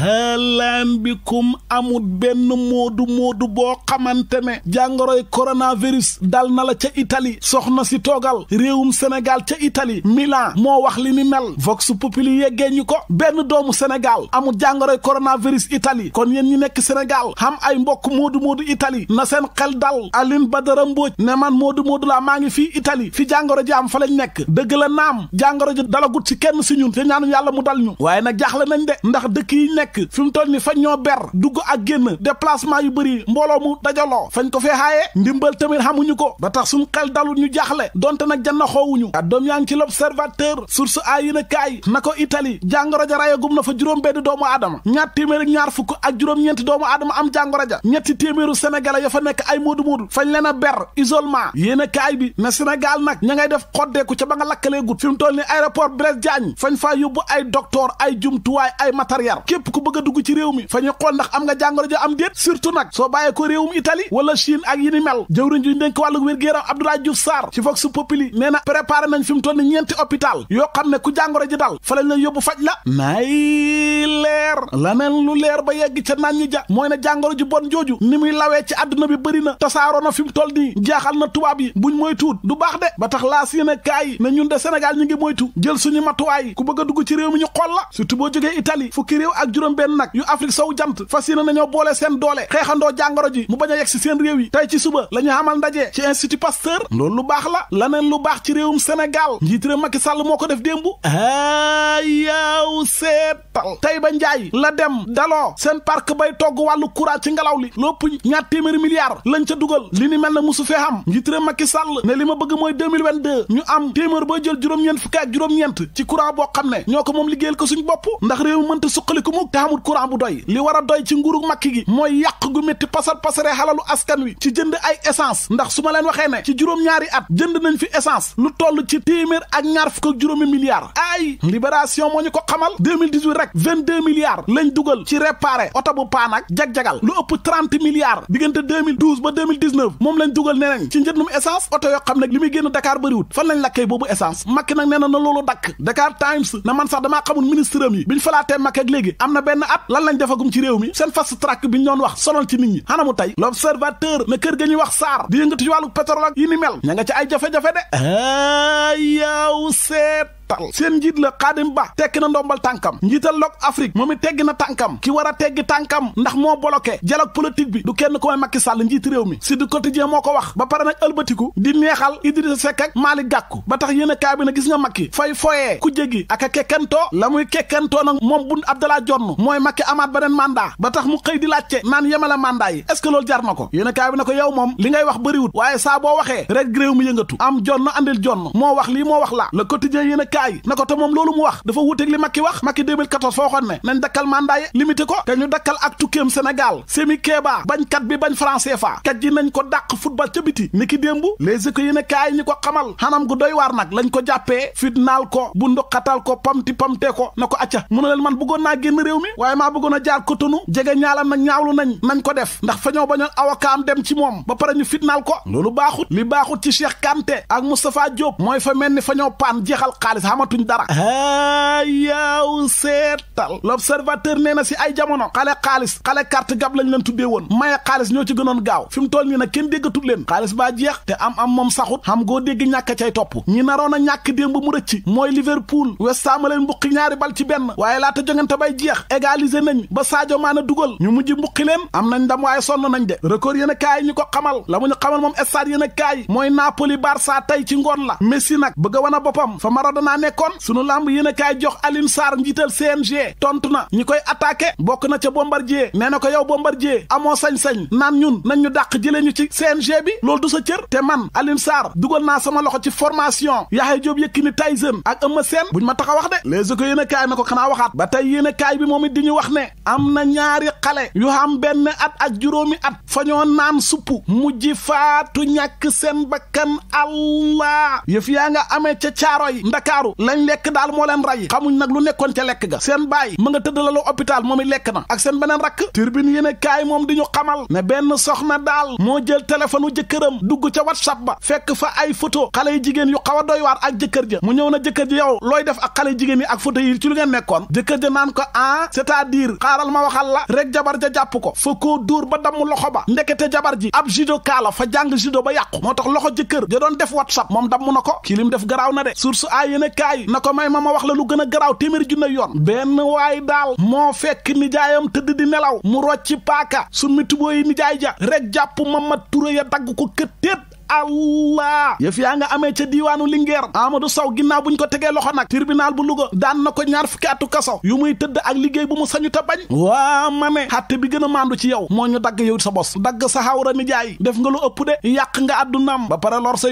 halaan bikum amul benn moodu moodu boo xamante ne jàngoroy coronavirus dal na la ca Italie soxna si toogal réewum Sénégal ca itali Milan moo wax li ni mel Vox Populi yeggee ñi ko benn doomu Sénégal amul jàngoroy coronavirus itali kon yéen ñi nekk Sénégal xam ay mbokk moodu moodu itali na seen xel dal Aline Badara Mbodj ne man moodu moodu laa maa ngi fii Italie fi jàngoro ji am fa lañ nekk dëgg la naam jàngoro ji dalagut si kenn si ñun te ñaanu yàlla mu ñu nekk fi mu toll ni fañ ñoo ber dugg ak génn déplacement yu bëri mbooloo mu dajaloo fañ ko fee xaayee ndimbal tamit xamuñu ko ba tax suñ xel dalul ñu jaaxle donte nag janna a doom yaa ngi ci l'observateur source a yéen a kaay na ko Italie jàngoro ja na fa juróom benn doomu aadama ñaar téeméer ñaar fukk ak juróom-ñeenti doomu aadama am jàngoro ja ñetti téeméeru sénégalais ya fa nekk ay moodu moodu fañ leen a ber isolement yéen a kaay bi na Sénégal nag ña ngay def xoddeeku ca ba nga lakkaleegut fi mu toll ni aéroport Blaise Diagne fañ faa yóbbu ay docteur ay jumtuwaay ay matériel képp ku bëgg a dugg ci réew mi fa ñu xool ndax am nga jàngoro jo am déet surtout nag soo bàyyee ko réewum Italie wala Chine ak yi ni mel jëwriñ ju ñu dénk wàllu wér-gu-yaram Abdoulaye Diouf Sarr ci Vox nee na préparé nañ fi mu ni ñeenti hôpital yoo xam ne ku jàngoro ji dal fa lañ la yóbbu faj la nay leer laneen lu leer ba yegg ca naan ñi ja mooy na jàngoro ji bon jooju ni muy lawee ci adduna bi bëri na tasaaroo na fi mu toll nii jaaxal na tubaab yi buñ mooy tuut du baax de ba tax laas yéen kaay ne ñun de Sénégal ñu ngi moytu jël suñu matuwaay a dugg ci réew mi ñu xool la surtout boo jógee juróom-benn nag yu Afrique sow jant fas yéene nañoo boole seen doole xeexandoo jàngoro ji mu bañ a yegg si seen réew yi tey ci suba la ñu xamal ndaje ci institut Pasteur loolu lu baax la neen lu baax ci réewum Sénégal njiit réew Macky Sall moo ko def démb ayaw seetal tey ba njaay la dem daloo seen parc bay togg wàllu courage ci ngelaw li lopp ñaar téeméeri milliards lañ ca dugal li ni mel na musu fee am njiit réew Macky ne li ma bëgg mooy 2022 ñu am téeméer ba jël juróom-ñeent fukk ak juróom-ñeent ci courant boo xam ne ñoo ko moom liggéeyal ko suñ bopp ndax réew mënta suqaliku mukk te amul courant bu doy li war a doy ci nguuru Macky gi mooy yàq gu métti pasar pasare xalalu askan wi ci jënd ay essence ndax su leen waxee ne ci juróom-ñaari at jënd nañ fi essence lu toll ci téeméer ak ñaar fukk ak juróomi milliards ay libération moo ñu ko xamal 2018 rek lañ dugal ci réparé oto bu paan jag-jagal lu ëpp 30 milliards diggante ba moom lañ dugal neneen ci njëndum essence oto yoo xam ne li muy génn Dakar bëriwut fan lañ lakkee boobu benn at lan lañ defagum ci réew mi seen fast track bi ñu doon wax sonal ci nit ñi xana mu tey l'observateur ne kër ga wax saar di yëngatu ci wàllu pétrole ak yi ni mel ña nga ay jafe-jafe de yow seet tal seen njiit la Xaadim Ba tekki na ndombal tànkam njiital lok Afrique moom it teggi na tànkam ki war teggi tànkam ndax moo bloqué dialogue politique bi du kenn ko may Macky Sall njiiti réew mi si du quotidien moo ko wax ba pare nag ëlbatiku di neexal Idrissa Seck ak Malick ba tax yéen a kaay bi na gis nga Macky fay foyee ku jégi ak a la muy kekkantoo nag moom bun Abdallah Dionne mooy Macky amaat beneen mandat ba tax mu xëy di laajte naan yemale mandat na a kaay bi na ko yow moom li ngay wax bëriwut waaye saa boo waxee rek réew mi yëngatu am la kaay na ko te moom loolu mu wax dafa wuuteeg li Macky wax Macky 2014 foo xoon ne nañ dakkal mandat yi limité ko te ñu dakkal ak tukkeem Sénégal Semi Keba bañkat bi bañ franc CFA kat ji ko dàq football ca biti ni ki démb les éco yéen a kaay ñi ko xamal xanam gu doy waar nag lañ ko jàppee fitnaal ko bu ndoxatal ko pamti pamtee ko na ko acca mu ne leen man bëggoon naa génn réew mi waaye maa bëggoon a jaar Cotonou jege ñaalam nag ñaawlu nañ nañ ko def ndax ba pare ñu fitnaal ko loolu baaxut li baaxut ci Cheikh Kanté ak Moustapha Diop mooy xamatuñ dara a yaaw seetal l'observateur nee na si ay jamono xale xaalis xale carte gab lañ leen tuddee woon maye xaalis ñoo ci gënoon gaaw fi mu toll nii nag kenn déggatul leen xaalis ba jeex te am am moom saxut xam goo dégg ñàkk cay topp ñi naroon a ñàkk ba mu rëcc mooy Liverpool West Ham leen mbuqi ñaari bal ci benn waaye laata jongante bay jeex égaliser nañ ba Sadio Mané dugal ñu mujj mbuqi leen am nañ ndam waaye sonn nañ de record yéen a ñu ko xamal la mu ñu moom stade yéen a kaay mooy Napoli Barça tey ci ngoon la Messi nag bëgg wan a boppam fa Maradona nekkoon sunu làmb yéen a kaay jox Alioune Sarr njiital CNG tontu na ñi koy attaqué bokk na ca Bombardier nee na ko yow Bombardier amoo sañ-sañ naan ñun nañ ñu dàq jëlee ñu ci seen CNG bi loolu du sa cër te man Alioune Sarr dugal naa sama loxo ci formation Yaxya Joob Yékini Tyson ak Eumeu Sène buñ ma tax a wax de les éco yéen a kaay na ko xanaa waxaat ba tey yéen a kaay bi moom it di ñu wax ne am na ñaari xale yu am benn at ak juróomi at fa ñoo naan supp mujj faatu ñàkk seen bakkan Allah yëf yaa nga amee ca caaro yi Ndakaaru waaru lañ lekk daal moo leen ray xamuñ nag lu nekkoon ca lekk ga seen baay ma nga tëdd lalu hôpital moom it lekk na ak seen beneen rakk turbine yéen kaay moom di ñu xamal ne benn soxna daal moo jël téléphone u jëkkëram dugg ca whatsapp ba fekk fa ay photo xale yi jigéen yu xaw a doy waar ak jëkkër ja mu ñëw na jëkkër ji yow looy def ak xale jigéen yi ak photo yi ci lu ngeen nekkoon jëkkër ja naan ko ah cest à xaaral ma waxal la rek jabar ja jàpp ko fa koo ba damm loxo ba ndekete jabar ji ab judo kaala fa jàng judo ba yàqu moo tax loxo jëkkër ja doon def whatsapp moom damm na ko ki lim def garaaw na de source a yéen kaay na ko may ma ma wax la lu gën a garaaw téeméer junne yoon benn waay daal moo fekk nijaayam tëdd di nelaw mu rocci paaka su mi tuboo yi nijaay ja rek jàpp ma Touré ya dagg ko këttéet allah yëf yaa nga amee ca diiwaanu Linguère Amadou saw ginnaaw bu ñu ko tegee loxo nag tribunal bu Louga daan na ko ñaar fukki atu kaso yu muy tëdd ak liggéey bu mu sañu te bañ waa ma ne xatte bi gën a maandu ci yow moo ñu dagg yow sa bos dagg sa xawra nijaay def nga lu ëpp de yàq nga àddunaam ba pare lor sa